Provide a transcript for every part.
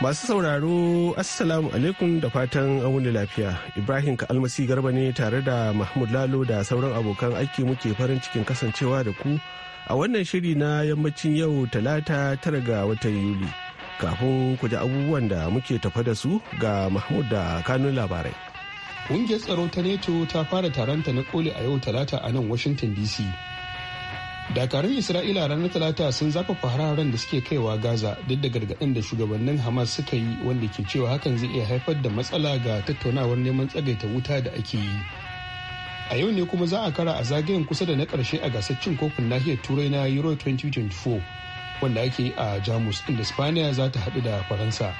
Masu sauraro Assalamu alaikum da fatan wuni lafiya. Ibrahim Almasi Garba ne tare da Mahmud Lalo da sauran abokan aiki muke farin cikin kasancewa da ku a wannan shiri na yammacin yau talata tara ga watan Yuli. Kafin ku ji abubuwan da muke tafa da su ga Mahmud da kanun labarai. Ƙungiyar tsaro ta NETO ta fara taronta na koli a yau talata a nan Washington DC. dakarun isra'ila ranar talata sun zafa hararen da suke kaiwa gaza duk da gargaɗin da shugabannin hamas suka yi wanda ke cewa hakan zai iya haifar da matsala ga tattaunawar neman tsagaita wuta da ake yi a yau ne kuma za a kara a zagayen kusa da na karshe a gasar cin kofin nahiyar turai na euro 2024 wanda ake yi a jamus inda spaniya za ta haɗu da faransa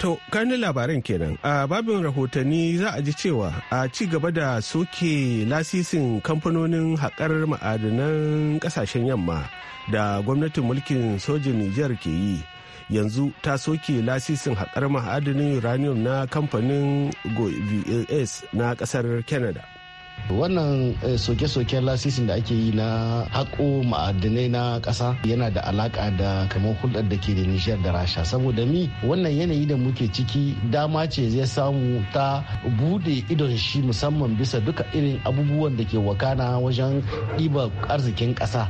To, kani labaran kenan. A babin rahotanni za a ji cewa a ci gaba da soke lasisin kamfanonin haƙar ma'adanan ƙasashen yamma da gwamnatin mulkin sojin Nijar ke yi. Yanzu ta soke lasisin haƙar ma'adanin uranium na kamfanin GoVAS na ƙasar Canada. wannan eh, soke-soken lasisin da ake yi na haƙo ma'adinai na ƙasa yana da alaƙa da kamar hulɗar da ke da nishiyar da rasha saboda mi wannan yanayi da muke ciki dama ce zai samu ta bude idon shi musamman bisa duka irin abubuwan da ke wakana wajen ɗiba arzikin ƙasa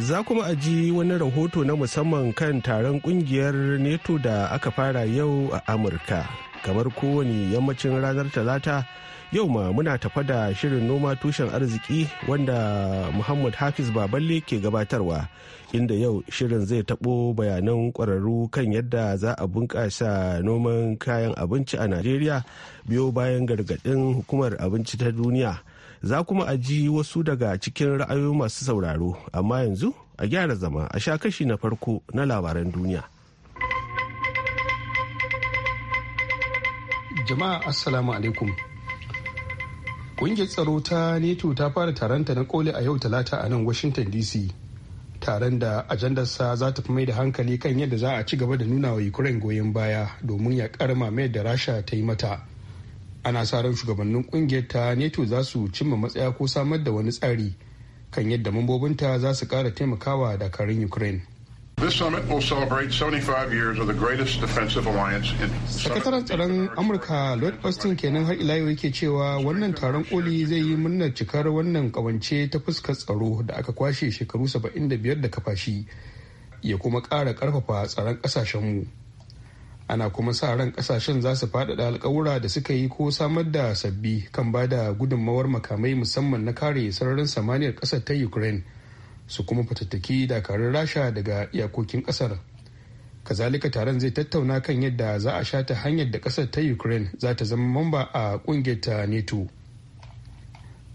za kuma a ji wani rahoto na musamman kan taron ƙungiyar neto da aka fara yau a amurka kamar kowane yammacin ranar talata yau ma muna tafa da shirin noma tushen arziki wanda muhammad hafiz baballe ke gabatarwa inda yau shirin zai tabo bayanan kwararru kan yadda za a bunƙasa noman kayan abinci a najeriya biyo bayan gargaɗin hukumar abinci ta duniya za kuma a ji wasu daga cikin ra'ayoyi masu sauraro amma yanzu a gyara zama a sha kashi na farko na labaran duniya jama'a assalamu alaikum Ƙungiyar tsaro ta neto ta fara taron ta na koli a yau talata a nan Washington DC. Taron da ajandarsa za ta fi mai da hankali kan yadda za a ci gaba da nuna wa Ukraine goyon baya domin ya karma mai da Rasha ta yi mata. Ana sa ran shugabannin ƙungiyar ta neto za su cimma matsaya ko samar da wani tsari kan yadda mambobinta za su ƙara taimakawa dakarun Ukraine. This summit will celebrate 75 the greatest defensive alliance Sakataren tsaron Amurka lord Austin kenan har ila yake cewa wannan taron koli zai yi murnar cikar wannan kawance ta fuskar tsaro da aka kwashe shekaru 75 da kafashi ya kuma kara karfafa tsaron mu Ana kuma sa ran kasashen za su faɗaɗa alkawura da suka yi ko samar da sabbi kan ba da gudunmawar makamai musamman na kare sararin samaniyar ƙasar ta Ukraine. su kuma fatattaki dakarun rasha daga iyakokin kasar kazalika taron zai tattauna kan yadda za a shata hanyar da kasar ta ukraine za ta zama mamba a kungiyar ta neto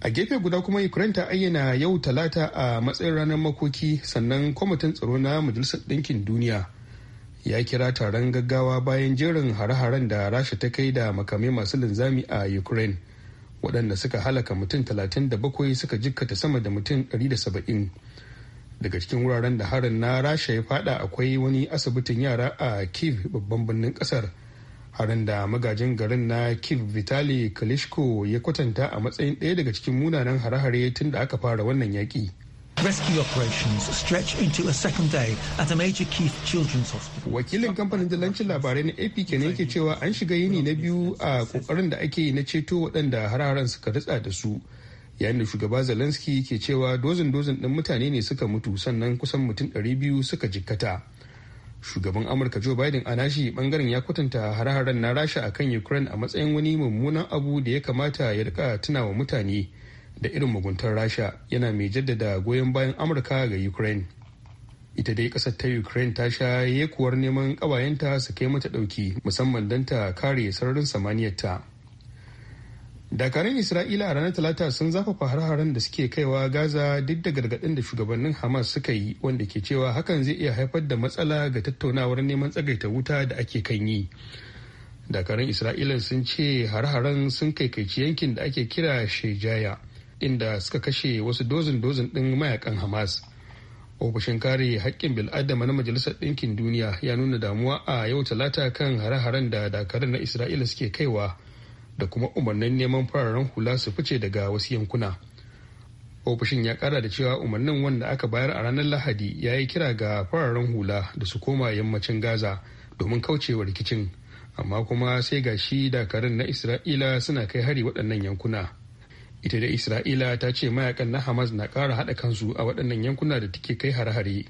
a gefe guda kuma ukraine ta ayyana yau talata a matsayin ranar makoki sannan kwamitin tsaro na majalisar ɗinkin duniya ya kira taron gaggawa bayan jerin hare-haren da rasha ta kai da makamai masu linzami a ukraine waɗanda suka halaka mutum 37 suka jikkata sama da mutum 170 daga cikin wuraren da harin na rasha ya fada akwai wani asibitin yara a kiv babban birnin kasar harin da magajin garin na kiv vitali kalishko ya kwatanta a matsayin ɗaya daga cikin munanan hare-hare tun da aka fara wannan yaƙi Rescue operations stretch into a second day at a Keith Children's Hospital. Wakilin kamfanin dalancin labarai na AP kenan yake cewa an shiga yini na biyu a kokarin da ake yi na ceto waɗanda hararen suka ritsa da su yayin da shugaba zelensky ke cewa dozin dozin ɗin mutane ne suka mutu sannan kusan mutum 200 suka jikkata shugaban amurka joe biden a nashi bangaren ya kwatanta hare-haren na rasha a kan ukraine a matsayin wani mummunan abu da ya kamata ya rika tuna wa mutane da irin muguntar rasha yana mai jaddada goyon bayan amurka ga ukraine ita dai kasar ta ukraine ta sha yekuwar neman ƙawayenta su kai mata ɗauki musamman don ta kare sararin samaniyarta dakarun isra'ila a ranar talata sun zafafa har-haren da suke kaiwa gaza duk da gargaɗin da shugabannin hamas suka yi wanda ke cewa hakan zai iya haifar da matsala ga tattaunawar neman tsagaita wuta da ake kan yi dakarun isra'ila sun ce har-haren sun kaikaici yankin da ake kira shejaya inda suka kashe wasu dozin dozin ɗin mayakan hamas ofishin kare haƙƙin bil'adama na majalisar ɗinkin duniya ya nuna damuwa a yau talata kan har haren da dakarun na isra'ila suke kaiwa da kuma umarnin neman fararen hula su fice daga wasu yankuna ofishin ya kara da cewa umarnin wanda aka bayar a ranar lahadi ya yi kira ga fararen hula da su koma yammacin gaza domin kaucewa rikicin amma kuma sai ga shi dakarun na isra'ila suna kai hari waɗannan yankuna ita da isra'ila ta ce mayakan na hamas na ƙara haɗa kansu a waɗannan yankuna da take kai hare-hare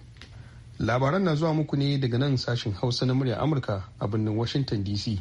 labaran na zuwa muku ne daga nan sashen hausa na murya amurka a birnin washington dc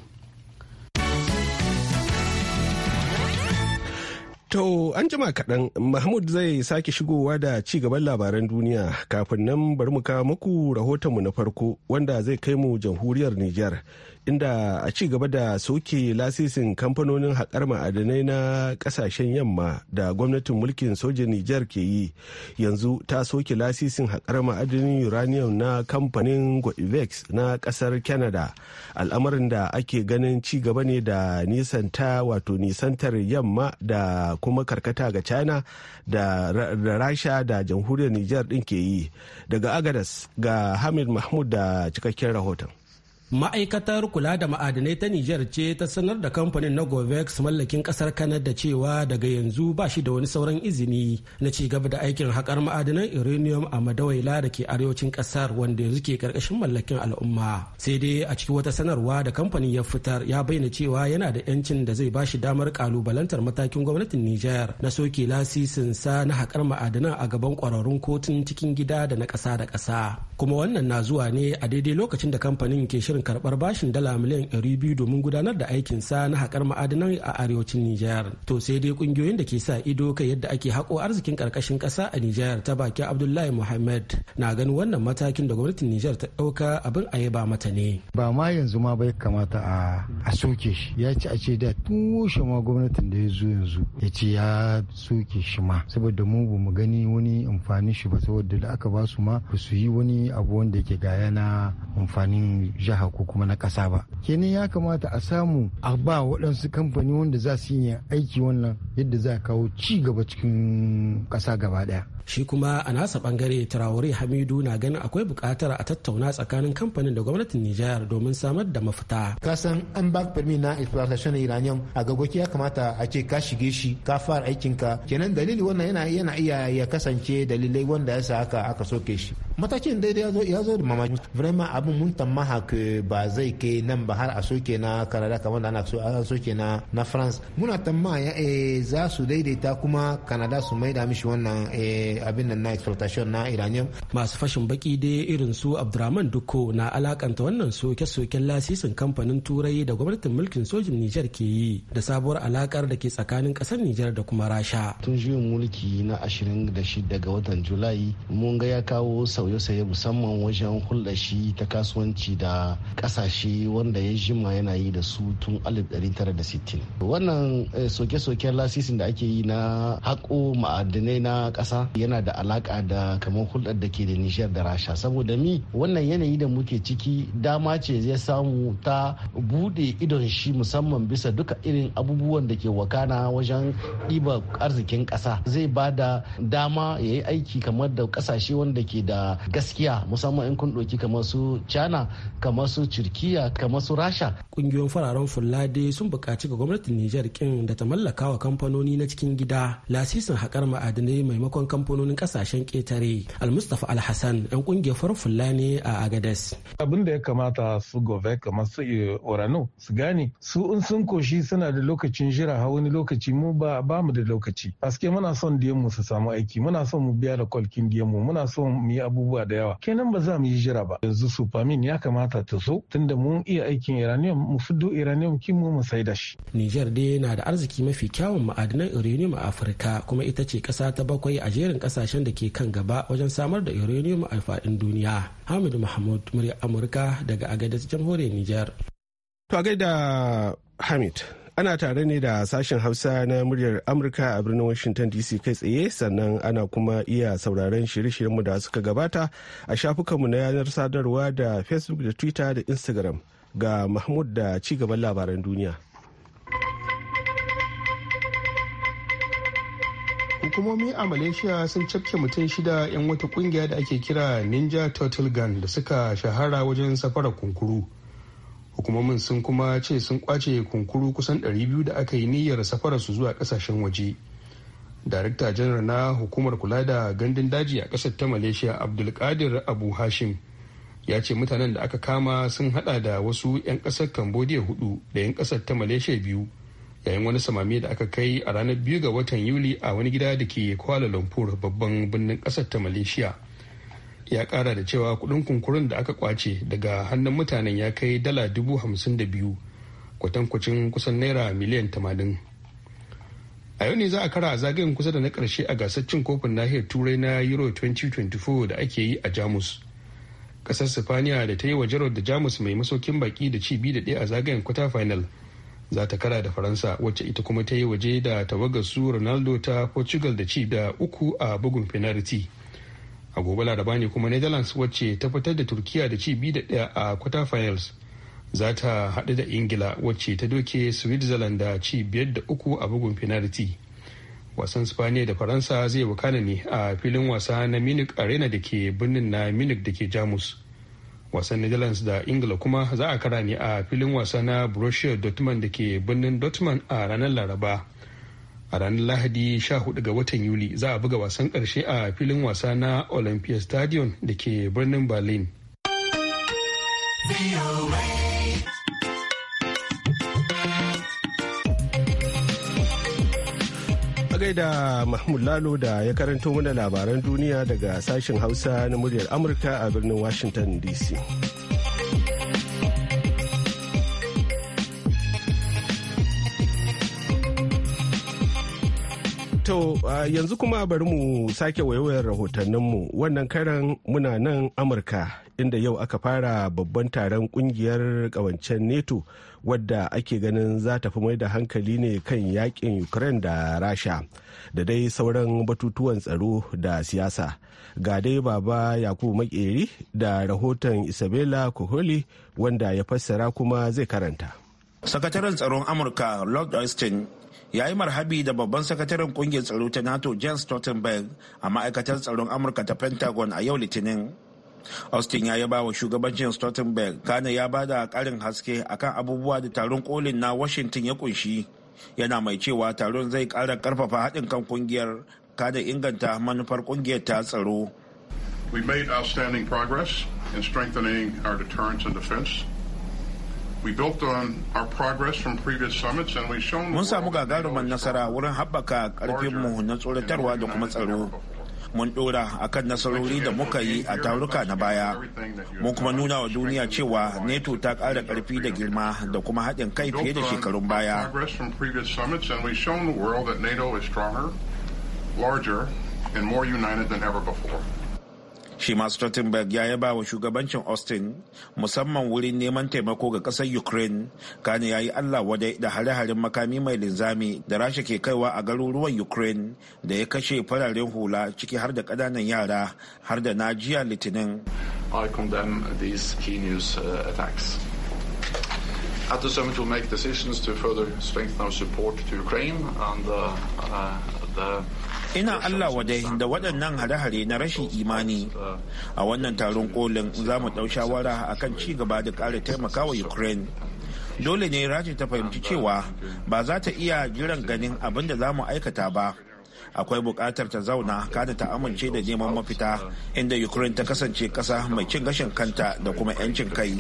To an jima kaɗan Mahmud zai sake shigowa da ci gaban labaran duniya kafin nan bari mu kawo muku rahotonmu na farko wanda zai kai mu jamhuriyar Nijar inda a ci gaba da soke lasisin kamfanonin haƙar ma'adanai na ƙasashen yamma da gwamnatin mulkin sojin Nijar ke yi yanzu ta soke lasisin haƙar ma'adanin uranium na kamfanin Goivex na ƙasar Canada al'amarin da ake ganin ci gaba ne da nisanta wato nisantar yamma da kuma karkata ga China da, da Rasha da jamhuriyar Nijar ɗin ke yi daga Agadas ga Hamid Mahmud da cikakken rahoton. ma'aikatar kula da ma'adinai ta Nijar ce ta sanar da kamfanin na govex mallakin kasar kanada cewa daga yanzu ba shi da wani sauran izini na ci gaba da aikin haƙar ma'adinan uranium a madawaila da ke arewacin kasar wanda yanzu ke karkashin mallakin al'umma sai dai a cikin wata sanarwa da kamfanin ya fitar ya bayyana cewa yana da yancin da zai ba shi damar kalubalantar matakin gwamnatin Nijar. na soke lasisin sa na haƙar ma'adinan a gaban ƙwararrun kotun cikin gida da na ƙasa da ƙasa kuma wannan na zuwa ne a daidai lokacin da kamfanin ke shirin shirin karbar bashin dala miliyan 200 domin gudanar da aikin sa na haƙar ma'adinan a arewacin Nijar. To sai dai kungiyoyin da ke sa ido kai yadda ake haƙo arzikin karkashin ƙasa a Nijar ta baki Abdullahi Muhammad na gani wannan matakin da gwamnatin Nijar ta ɗauka abin a ba mata ne. Ba ma yanzu ma bai kamata a soke shi ya ci a ce da tushe ma gwamnatin da ya yanzu ya ce ya soke shi ma saboda mu ba mu gani wani amfani shi ba saboda da aka ba su ma ba su yi wani abu wanda ke gaya na amfanin jihar jiha ko kuma na kasa ba kenan ya kamata a samu a ba waɗansu kamfani wanda za su yi aiki wannan yadda za a kawo ci gaba cikin ƙasa gaba ɗaya shi kuma a nasa bangare turawari hamidu na ganin akwai bukatar a tattauna tsakanin kamfanin da gwamnatin nijar domin samar da mafita kasan an ba fermi na exploitation iranian a gagoki ya kamata a ce ka shige shi ka fara aikinka kenan dalili wannan yana iya ya kasance dalilai wanda ya sa haka aka soke shi matakin daidai ya zo da mamaki vraiment abin mun tamaha ke ba zai kai nan ba har a soke na kanada kamar da ana so a soke na na france muna tamma ya eh, za su daidaita kuma kanada su maida mishi wannan eh, abin nan na exploitation na iranian masu fashin baki dai irin su abdurrahman dukko na alakanta wannan soke-soken lasisin kamfanin turai da gwamnatin mulkin sojin nijar ke yi da sabuwar alakar da ke tsakanin kasar nijar da kuma rasha tun juyin mulki na 26 daga watan julai mun ga ya kawo sauye-sauye musamman wajen hulɗa shi ta kasuwanci da ƙasashe wanda ya jima yana yi da su tun 1960 wannan eh, soke-soken lasisin da ake yi na haƙo ma'adinai na ƙasa yana da alaƙa da kamar hulɗar da ke da nijar da rasha saboda mi wannan yanayi da muke ciki dama ce zai samu ta buɗe idon shi musamman bisa duka irin abubuwan da ke wakana wajen ɗiba arzikin ƙasa zai ba da dama ya yi aiki kamar da ƙasashe wanda ke da gaskiya musamman in kun ɗauki kamar su china kamar su turkiya kamar su rasha ƙungiyoyin fararen Fulade sun buƙaci ga gwamnatin nijar kin da ta mallaka wa kamfanoni na cikin gida lasisin haƙar ma'adinai maimakon kamfanonin ƙasashen ƙetare almustafa alhassan yan ƙungiyar farar fulla ne a agades abin da ya kamata su gove kamar su eh, orano su gane su in sun koshi suna da lokacin jira ha wani lokaci mu ba ba mu da lokaci aske muna son diyan mu su samu aiki muna son mu biya da kwalkin diyan mu muna son mu yi abu abubuwa da yawa kenan ba za mu yi jira ba yanzu supamin ya kamata ta zo tunda mun iya aikin uranium mu fiddo uranium kin mu sai da shi Niger dai yana da arziki mafi kyawun ma'adanan uranium a Afirka kuma ita ce kasa ta bakwai a jerin kasashen da ke kan gaba wajen samar da uranium a faɗin duniya Hamid Mahmud murya Amurka daga Agadez jamhuriyar Niger to da Hamid ana tare ne da sashen hausa na muryar amurka a birnin washington dc kai tsaye sannan ana kuma iya sauraron shirye-shiryenmu da suka gabata a shafukanmu na yanar sadarwa da facebook da twitter da instagram ga mahmud da cigaban labaran duniya hukumomi a malaysia sun cafke mutum shida 'yan wata kungiya da ake kira ninja turtle gun da suka shahara wajen safarar kunkuru hukumomin sun kuma ce sun kwace kunkuru kusan 200 da aka yi niyyar su zuwa kasashen waje darakta janar na hukumar kula da gandun daji a kasar ta malaysia abdulkadir abu hashim ya ce mutanen da aka kama sun hada da wasu 'yan kasar cambodia hudu da 'yan kasar ta malaysia biyu yayin wani samame da aka kai a ranar biyu ga watan yuli a wani gida da ke kuala lumpur babban birnin kasar ta malaysia ya kara da cewa kudin kunkurin da aka kwace daga hannun mutanen ya kai dala dubu hamsin da biyu kwatankwacin kusan naira miliyan tamanin a yau ne za a kara a zagayen kusa da na karshe a gasar cin kofin nahiyar turai na euro 2024 da ake yi a jamus kasar sifaniya da ta yi wa jarod da jamus mai masaukin baki da ci bi da ɗaya a zagayen kwata final za ta kara da faransa wacce ita kuma ta yi waje da tawagar su ronaldo ta portugal da ci da uku a bugun penalty a gobe laraba ne kuma netherlands wacce ta fitar da turkiya da ci bi da daya a quarter finals za ta haɗu da ingila wacce ta doke switzerland da ci biyar da uku a bugun penalty wasan spaniya da faransa zai wakana ne a filin wasa na munich arena da ke birnin na munich da ke jamus wasan netherlands da ingila kuma za a kara ne a filin wasa na borussia dortmund da ke birnin dortmund a ranar laraba a ranar lahadi 14 ga watan yuli za a buga wasan karshe a filin wasa na olympia stadium da ke birnin berlin gaida Mahmud Lalo da ya karanto mana labaran duniya daga sashen Hausa na muryar Amurka a birnin Washington DC. To yanzu kuma bari mu sake waiwayar rahotanninmu wannan karan muna nan Amurka inda yau aka fara babban taron kungiyar kawancen neto wadda ake ganin za ta fi mai da hankali ne kan yakin Ukraine da Rasha da dai sauran batutuwan tsaro da siyasa. Ga dai baba Yakubu Makeri da rahoton Isabella Koholi wanda ya fassara kuma zai karanta. Sakataren tsaron Amurka Lord Austin ya yi marhabi da babban sakataren kungiyar tsaro ta nato jens stoltenberg a ma'aikatar tsaron amurka ta pentagon a yau litinin austin ya yaba wa shugabancin stoltenberg kana ya ba da karin haske akan abubuwa da taron kolin na washington ya kunshi yana mai cewa taron zai kara karfafa haɗin kan kungiyar kada inganta manufar kungiyar ta tsaro We made outstanding progress in strengthening our deterrence and defense. Mun samu gagarumar nasara wurin haɓaka ƙarfinmu na tsoratarwa da kuma tsaro. Mun ɗora a kan nasarori da muka yi a taruka na baya. Mun kuma nuna wa duniya cewa NATO ta ƙara ƙarfi da girma da kuma haɗin kai fiye da shekarun baya. larger and more united than ever before. shi ma stoltenberg ya yaba wa shugabancin austin musamman wurin neman taimako ga ukraine kane ya yi allah wadai da hare-haren makami mai linzami da rasha ke kaiwa a garuruwan ukraine da ya kashe fararen hula ciki har da ƙananan yara har da litinin I condemn these heinous uh, attacks. At the summit, we'll make decisions to further strengthen our support to Ukraine and uh, uh, the ina allah wadai da waɗannan hare-hare na rashin imani a wannan taron kolin za mu ɗau shawara kan ci gaba da ƙara taimakawa ukraine dole ne raji ta fahimci cewa ba za ta iya jiran ganin abin da za mu aikata ba akwai buƙatar ta zauna kada ta amince da neman mafita inda ukraine ta kasance ƙasa mai cin gashin kanta da kuma 'yancin kai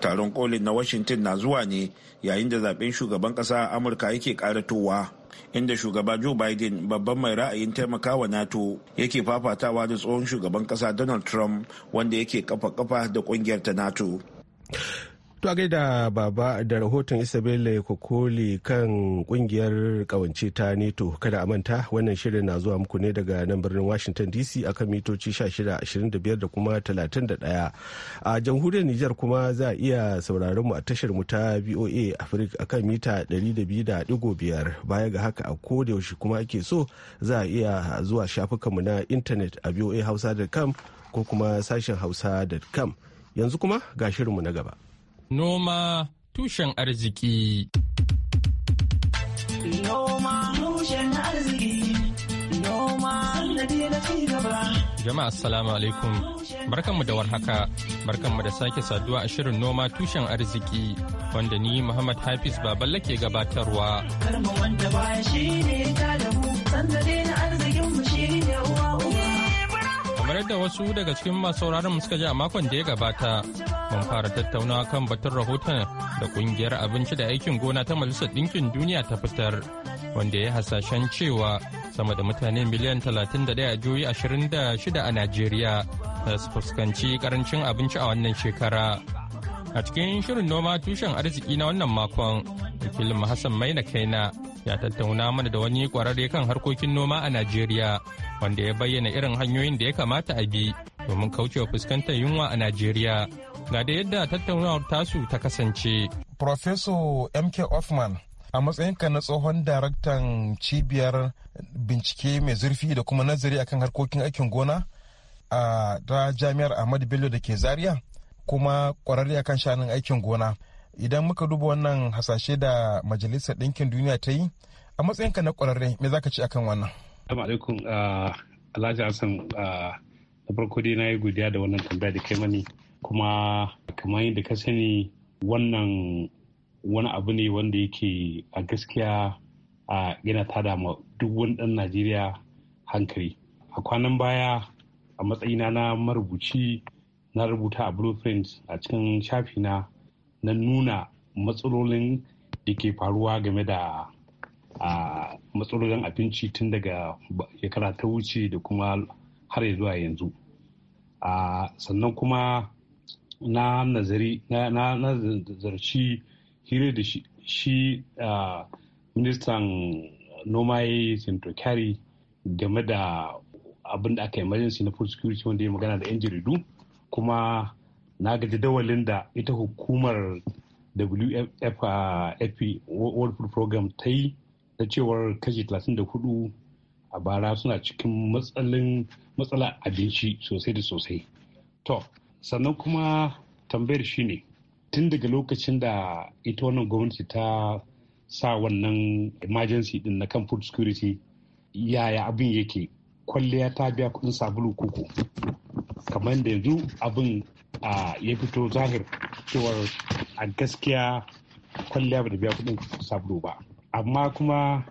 taron kolin na washington na zuwa ne yayin da zaben shugaban ƙasa amurka yake ƙaratowa inda shugaba joe biden babban mai ra'ayin taimakawa nato yake fafatawa da tsohon shugaban kasa donald trump wanda yake kafa kafa da kungiyar ta nato To a gaida baba da rahoton Isabella Kokoli kan kungiyar kawance ta NATO kada a manta wannan shirin na zuwa muku ne daga nan birnin Washington DC akan mitoci 1625 da kuma 31. A jamhuriyar Nijar kuma za a iya sauraron mu a tashar mu ta BOA Africa akan mita 200.5 baya ga haka a koda yaushe kuma ake so za a iya zuwa shafukan mu na intanet a boahausa.com ko kuma sashen hausa.com yanzu kuma ga shirinmu na gaba. Noma tushen arziki. Noma tushen arziki. Noma sannadi na ci gaba. Jama'a assalamu alaikum. Barkanmu da warhaka. Barkanmu da sake saduwa a shirin noma tushen arziki wanda ni Muhammad Hafiz Baballe ke gabatarwa. Karma wanda ba shi ne ta damu, sannadi na arzikin kamar yadda wasu daga cikin masu mu suka ji a makon da ya gabata mun fara tattaunawa kan batun rahoton da kungiyar abinci da aikin gona ta majalisar ɗinkin duniya ta fitar wanda ya hasashen cewa sama da mutane miliyan 31 a juyi 26 a najeriya da su fuskanci karancin abinci a wannan shekara a cikin shirin noma tushen arziki na wannan makon wakilin hassan maina kaina ya tattauna mana da wani kwararre kan harkokin noma a najeriya wanda ya bayyana irin hanyoyin da ya kamata a bi domin kaucewa fuskantar yunwa a Najeriya. Ga da yadda tattaunawar tasu ta kasance. Professor MK Hoffman a matsayinka na tsohon daraktan cibiyar bincike mai zurfi da kuma nazari akan harkokin aikin gona a ta jami'ar Ahmadu Bello da ke Zaria kuma kwararre akan shanun aikin gona. Idan muka duba wannan hasashe da Majalisar Ɗinkin Duniya ta yi, a matsayinka na kwararre me zaka ci akan wannan? Assalamu alaikum uh, Alhaji Hassan da uh, farko dai na yi godiya da wannan tambaya da kai mani kuma kamar yadda ka sani wannan wani abu ne wanda yake a gaskiya uh, yana tada ma duk wani ɗan Najeriya hankali. A kwanan baya a matsayina na marubuci na rubuta a blueprint a cikin shafina na nuna matsalolin da ke faruwa game da a matsalolin abinci tun daga shekara ta wuce da kuma har zuwa yanzu a sannan kuma na nazari na nazarci hira da shi a ministan noma ya yi game da abin da aka emergency na food security wanda ya magana da yan jaridu kuma na ga jadawalin da ita hukumar WFP World Food Program ta yi na cewar kashi 34 a bara suna cikin matsalin matsala abinci sosai da sosai to sannan kuma tambayar shine tun daga lokacin da ita wannan gwamnati ta sa wannan emergency din na kan food security yaya abin yake kwalliya ta biya kudin sabulu kuku kamar da yanzu abin ya fito zahir cewar a gaskiya kwalliya ba da biya kudin sabulu ba amma kuma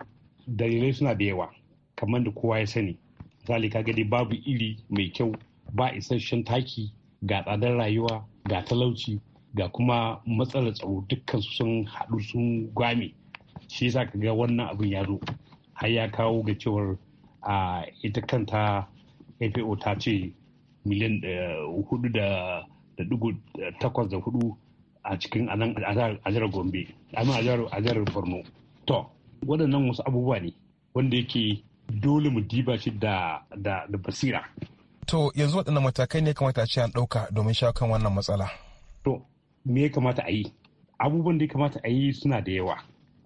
dalilai suna da yawa kamar da kowa ya sani misali ka gani babu iri mai kyau ba isasshen taki ga tsadar rayuwa ga talauci ga kuma matsalar tsaro dukkan sun haɗu sun gwame shi yasa ka ga wannan abin ya zo har ya kawo ga cewar a ita kanta fao ta ce miliyan eh, hudu da dugu eh, takwas da hudu a cikin nan a jihar gombe a jihar borno To, waɗannan wasu abubuwa ne wanda yake dole mu diba shi da, da, da basira. To, yanzu waɗannan matakai ne kamata a ce an ɗauka domin shawo kan wannan matsala. To, me ya kamata a yi? Abubuwan da ya kamata a yi suna da yawa,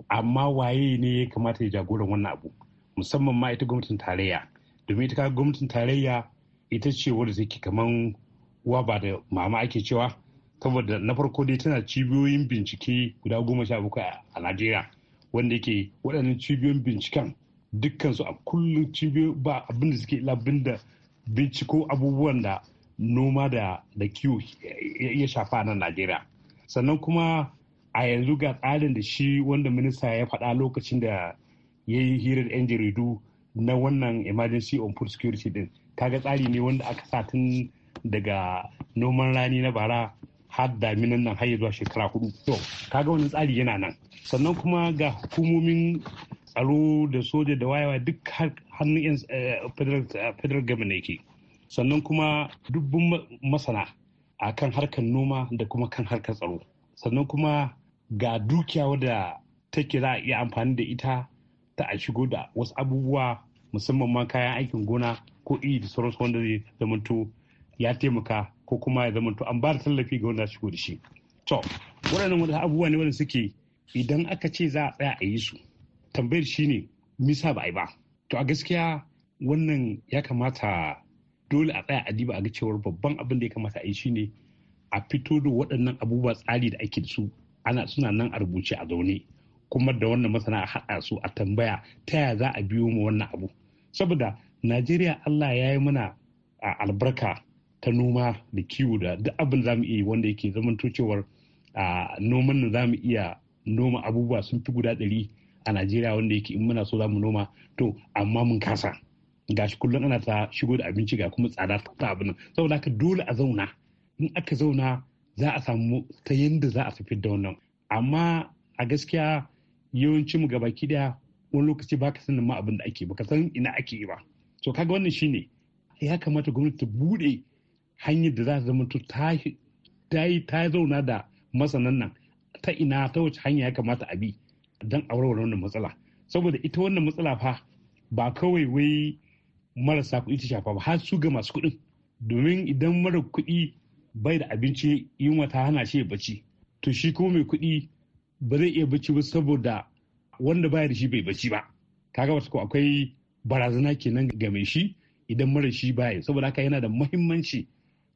amma waye ne ya kamata ya jagoran wannan abu, musamman ma ita gwamnatin tarayya. Domin ita kaga gwamnatin tarayya ita ce wadda take kaman uwa ba da mama ake cewa, saboda na farko dai tana cibiyoyin bincike guda goma sha bakwai a Najeriya. wanda yake waɗannan cibiyoyin binciken dukkansu a kullum cibiyoyi ba abin da suke labin da binciko abubuwan da noma da da kiwo ya shafa na najeriya sannan kuma a yanzu ga tsarin da shi wanda minista ya faɗa lokacin da ya yi hirar 'yan jaridu na wannan emergency on food security din kaga tsari ne wanda aka sa tun daga noman rani na bara har daminan nan har zuwa shekara hudu to kaga wani tsari yana nan sannan kuma ga hukumomin tsaro da soja da wayawa duk hannun yan eh, eh, federal government yake sannan kuma dubbin masana a kan harkar noma da kuma kan harkar tsaro sannan kuma ga dukiya wadda take za a iya amfani da ita ta a shigo da wasu abubuwa musamman ma kayan aikin gona ko iri da sauransu wanda zai zamanto ya taimaka ko kuma ya zamanto an ba da tallafi ga wanda shigo da shi to waɗannan wani abubuwa ne wanda suke idan aka ce za a tsaya a yi su tambayar shi ne misa ba a yi ba to a gaskiya wannan ya kamata dole a tsaya a diba a ga cewar babban abin da ya kamata a yi shi ne a fito da waɗannan abubuwa tsari da ake da su ana suna nan a rubuce a zaune kuma da wannan masana a haɗa su a tambaya ta yaya za a biyo mu wannan abu saboda najeriya allah ya yi mana albarka ta noma da kiwo da duk abin za mu iya wanda yake to cewar a noman da za mu iya noma abubuwa sun fi guda ɗari a najeriya wanda yake in muna so za mu noma to amma mun kasa gashi kullum ana ta shigo da abinci ga kuma tsada ta abin nan saboda haka dole a zauna in aka zauna za a samu ta yadda za a tafi da wannan amma a gaskiya yawanci mu gabaki daya wani lokaci ba ka sanin ma abin da ake ba ka san ina ake ba to kaga wannan shine ya kamata gwamnati ta bude hanyar da za ta zama ta yi ta zauna da masanan nan ta ina ta wace hanya ya kamata a bi don aurewar wannan matsala saboda ita wannan matsala fa ba kawai wai marasa kuɗi ta shafa ba har su ga masu kuɗin domin idan mara kuɗi bai da abinci yunwa ta hana shi ya bacci to shi kuma mai kuɗi ba zai iya bacci ba saboda wanda baya da shi bai bacci ba kaga ko akwai barazana kenan ga mai shi idan mara shi baya saboda haka yana da muhimmanci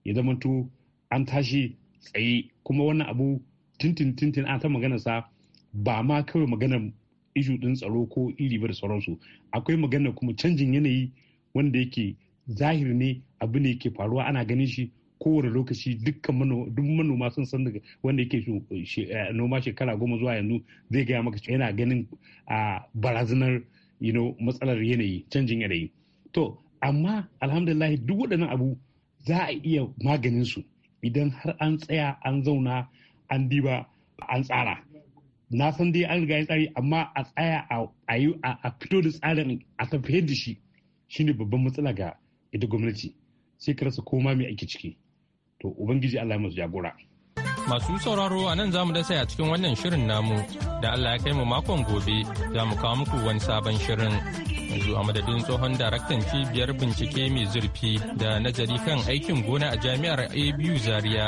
ya zamanto an tashi tsaye kuma wannan abu tintin tintin an ta magana sa ba ma kawai maganar ishu din tsaro ko iri ba da sauransu akwai magana kuma canjin yanayi wanda yake zahiri ne abu ne ke faruwa ana ganin shi kowane lokaci dukkan duk manoma sun san daga wanda yake eh, noma shekara goma zuwa yanzu zai gaya maka yana ganin a barazanar matsalar yanayi canjin yanayi to amma alhamdulillah duk waɗannan abu za a iya maganin su idan har an tsaya an zauna an diba an tsara na san dai an riga tsari amma a tsaya a yi a fito da tsarin a tafiye da shi shine babban matsala ga ita gwamnati sai ka rasa koma mai ake ciki to ubangiji Allah masu jagora masu sauraro a nan zamu dasa a cikin wannan shirin namu da Allah ya kai mu makon gobe za mu kawo muku wani sabon shirin yanzu a madadin tsohon daraktan cibiyar bincike mai zurfi da nazari kan aikin gona a jami'ar abu zaria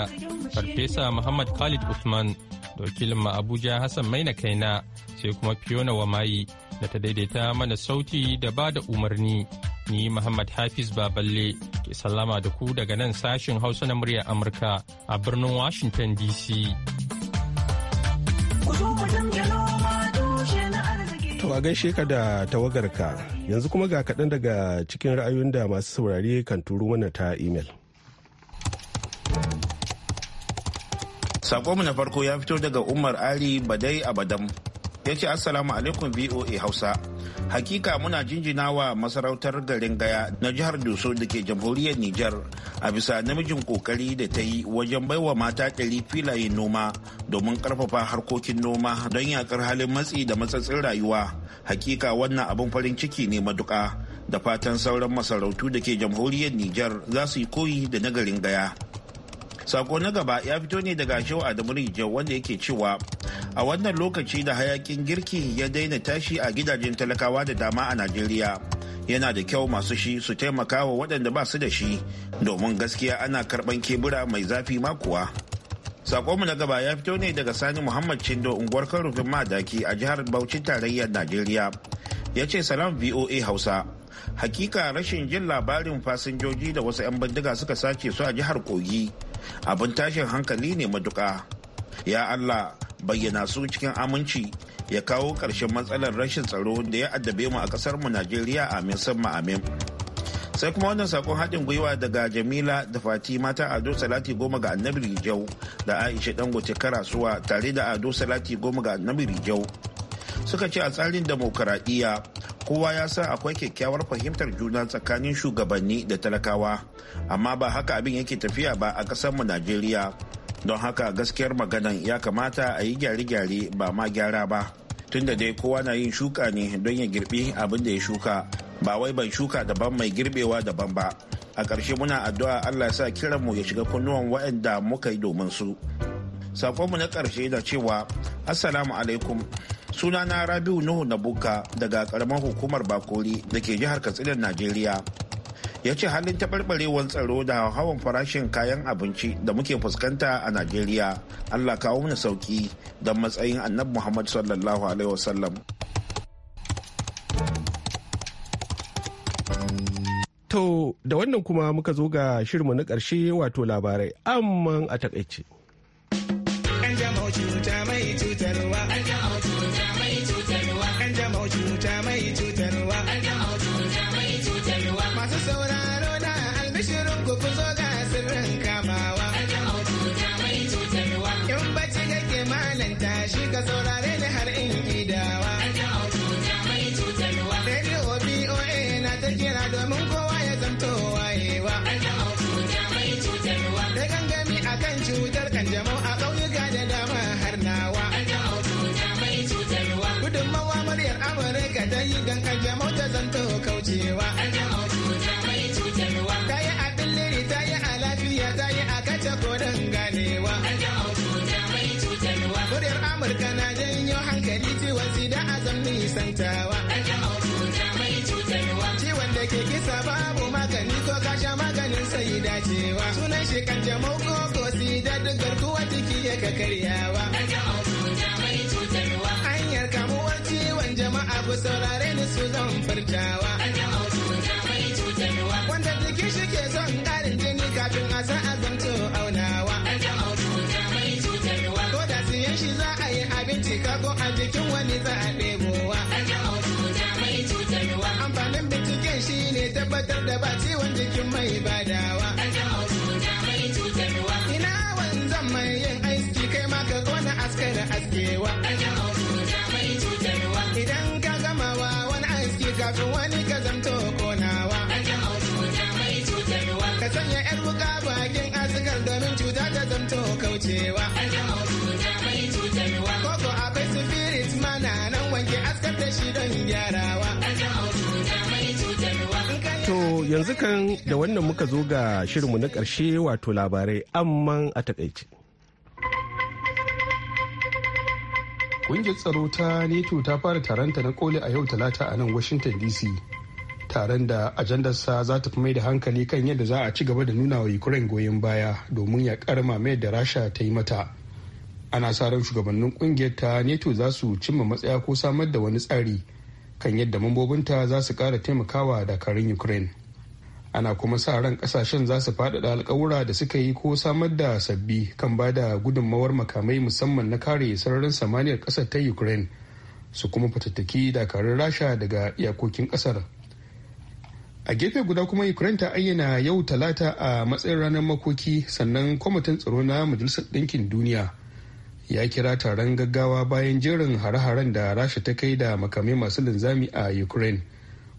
farfesa muhammad khalid usman da wakilin ma abuja hassan maina kaina sai kuma fiona wamayi da ta daidaita mana sauti da ba da umarni ni muhammad hafiz baballe ke sallama da ku daga nan sashin hausa na muryar amurka a birnin washington dc To a gaishe ka da ka yanzu kuma ga kaɗan daga cikin ra'ayoyin da masu saurari kan turu mana ta imel. Sakonmu na farko ya fito daga Umar Ali Badai Abadam. Ya ce Assalamu alaikum VOA Hausa. hakika muna jinjina wa masarautar garin gaya na jihar doso da ke jamhuriyar nijar a bisa namijin kokari da ta yi wajen baiwa mata ɗari filayen noma domin karfafa harkokin noma don yakar halin matsi da matsatsin rayuwa hakika wannan abin farin ciki ne maduka da fatan sauran masarautu da ke jamhuriyar nijar za su yi koyi da na garin gaya sako na gaba ya fito ne daga shehu adamu rijiyar wanda yake cewa a wannan lokaci da hayakin girki ya daina tashi a gidajen talakawa da dama a najeriya yana da kyau masu shi su taimaka wa waɗanda ba su da shi domin gaskiya ana karɓan kebura mai zafi makuwa mu na gaba ya fito ne daga sani muhammad cindo unguwar kan rufin madaki a jihar bauchi tarayyar najeriya ya ce salam voa hausa hakika rashin jin labarin fasinjoji da wasu 'yan bindiga suka sace su a jihar kogi abin tashin hankali ne maduka ya allah bayyana su cikin aminci ya kawo ƙarshen matsalar rashin tsaro da ya addabe mu a ƙasar mu najeriya amin sama amin sai kuma wannan sakon haɗin gwiwa daga jamila da fatima ta ado salati goma ga annabi rijau da aisha dangote karasuwa tare da ado salati goma ga annabi rijau suka ce a tsarin demokaradiyya kowa ya san akwai kyakkyawar fahimtar juna tsakanin shugabanni da talakawa amma ba haka abin yake tafiya ba a ƙasarmu najeriya don haka gaskiyar maganan ya kamata a yi gyare-gyare ba ma gyara ba tunda dai kowa na yin shuka ne don ya girbi abin da ya shuka ba wai ban shuka daban mai girbewa daban ba a ƙarshe muna addu'a allah ya sa kiranmu ya shiga kunnuwan waɗanda muka yi domin su sakonmu na ƙarshe da cewa assalamu alaikum sunana rabiu nuhu na buka daga karamar hukumar bakori da ke jihar katsinan najeriya ya ce halin taɓarɓarewar tsaro da hawan farashin kayan abinci da muke fuskanta a najeriya allah kawo mana sauki don matsayin annabi muhammad sallallahu alaihi wasallam To da wannan kuma muka zo ga shirmu na ƙarshe wato labarai amman a takaice. canta, chica sola arena. rubutawa ciwon da ke kisa babu magani ko kasha maganin sai dacewa sunan shi kan jamau ko ko sida duk garkuwa jiki ya ka karyawa hanyar kamuwar ciwon jama'a ku saurare ni su zan furtawa wanda jiki shi ke son karin jini kafin a sa azanto aunawa ko da siyan shi za a yi abinci kako a jikin wani za a badawa ina wanzan mai yin aiki kai ma ka kona askara askewa idan ka gamawa wani aski kafin wani ka zamto konawa ka sanya yan wuka bakin askar domin cuta ta zamto kaucewa koko akwai spirit mana nan wanke askar da shi don gyarawa To yanzu kan da wannan muka zo ga shirinmu na ƙarshe wato labarai amma a takaice. Ƙungiyar tsaro ta neto ta fara taronta na koli a yau talata a nan Washington DC. Taron da ajandarsa za ta fi mai da hankali kan yadda za a ci gaba da nuna wa Ukraine goyon baya domin ya karma mai da Rasha ta yi mata. Ana sa ran shugabannin ƙungiyar ta neto za su cimma matsaya ko samar da wani tsari. kan yadda mambobinta za su kara taimakawa dakarun ukraine ana kuma sa ran kasashen za su faɗaɗa alkawura da suka yi ko samar da sabbi kan ba da gudunmawar makamai musamman na kare sararin samaniyar ƙasar ta ukraine su kuma fatattaki dakarun rasha daga iyakokin ƙasar a gefe guda kuma ukraine ta ayyana yau talata a matsayin ranar makoki sannan kwamitin tsaro na majalisar ɗinkin duniya ya kira taron gaggawa bayan jerin hare-haren da rasha ta kai da makamai masu linzami a ukraine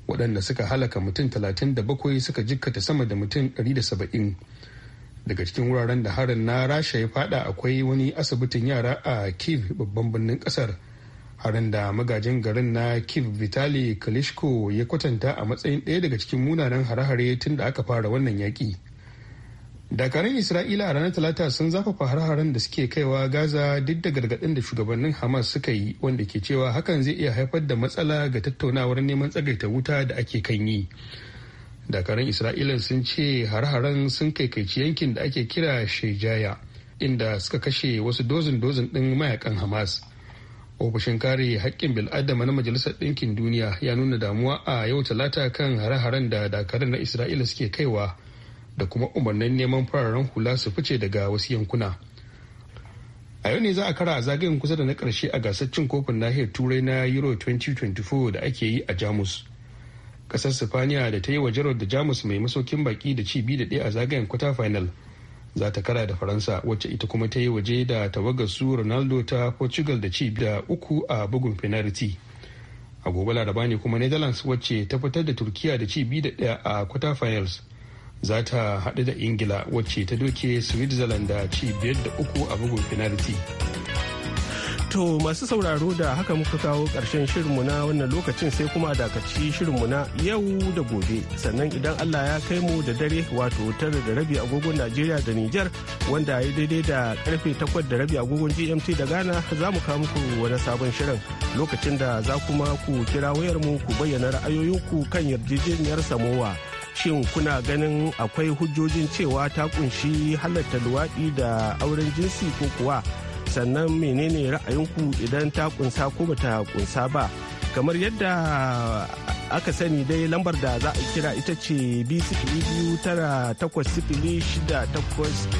waɗanda suka halaka mutum 37 suka jikkata sama da mutum 170 daga cikin wuraren da harin na rasha ya fada akwai wani asibitin yara a kiv babban birnin kasar harin da magajin garin na kiv vitali kalishko ya kwatanta a matsayin ɗaya daga cikin munanan hare-hare tun da aka fara wannan yaƙi dakarun isra'ila a ranar talata sun zafafa har-haren da suke kaiwa gaza duk da gargaɗin da shugabannin hamas suka yi wanda ke cewa hakan zai iya haifar da matsala ga tattaunawar neman tsagaita wuta da ake kan yi dakarun isra'ila sun ce har-haren sun kaikaici yankin da ake kira shejaya inda suka kashe wasu dozin dozin ɗin mayakan hamas ofishin kare haƙƙin bil'adama na majalisar ɗinkin duniya ya nuna damuwa a yau talata kan hare-haren da dakarun na isra'ila suke kaiwa da kuma umarnin neman fararen hula su fice daga wasu yankuna a yau ne za a kara a zagayen kusa da na karshe a gasar cin kofin nahiyar turai na euro 2024 da ake yi a jamus kasar sifaniya da ta yi wa da jamus mai masaukin baki da ci bi da ɗaya a zagayen kwata final za ta kara da faransa wacce ita kuma ta yi waje da ta su ronaldo ta portugal da ci da uku a bugun penalty a gobe laraba ne kuma netherlands wacce ta fitar da turkiya da ci bi da ɗaya a quarter finals za ta haɗu da ingila wacce ta doke switzerland da ci biyar da uku a bugun finalti to masu sauraro da haka muka kawo ƙarshen shirinmu na wannan lokacin sai kuma dakaci shirinmu na yau da gobe sannan idan allah ya kai mu da dare wato tara da rabi agogon najeriya da niger wanda ya daidai da karfe takwas da rabi agogon gmt da ghana za mu kawo muku wani sabon shirin lokacin da za kuma ku kira wayarmu ku bayyana ra'ayoyinku kan yarjejeniyar samowa shin kuna ganin akwai hujjojin cewa ta kunshi halatta luwaɗi da auren jinsi ko kuwa sannan menene ra'ayinku idan ta kunsa ko ba ta kunsa ba kamar yadda aka sani dai lambar da za a kira ita ce biyu tara takwas sifili shida takwas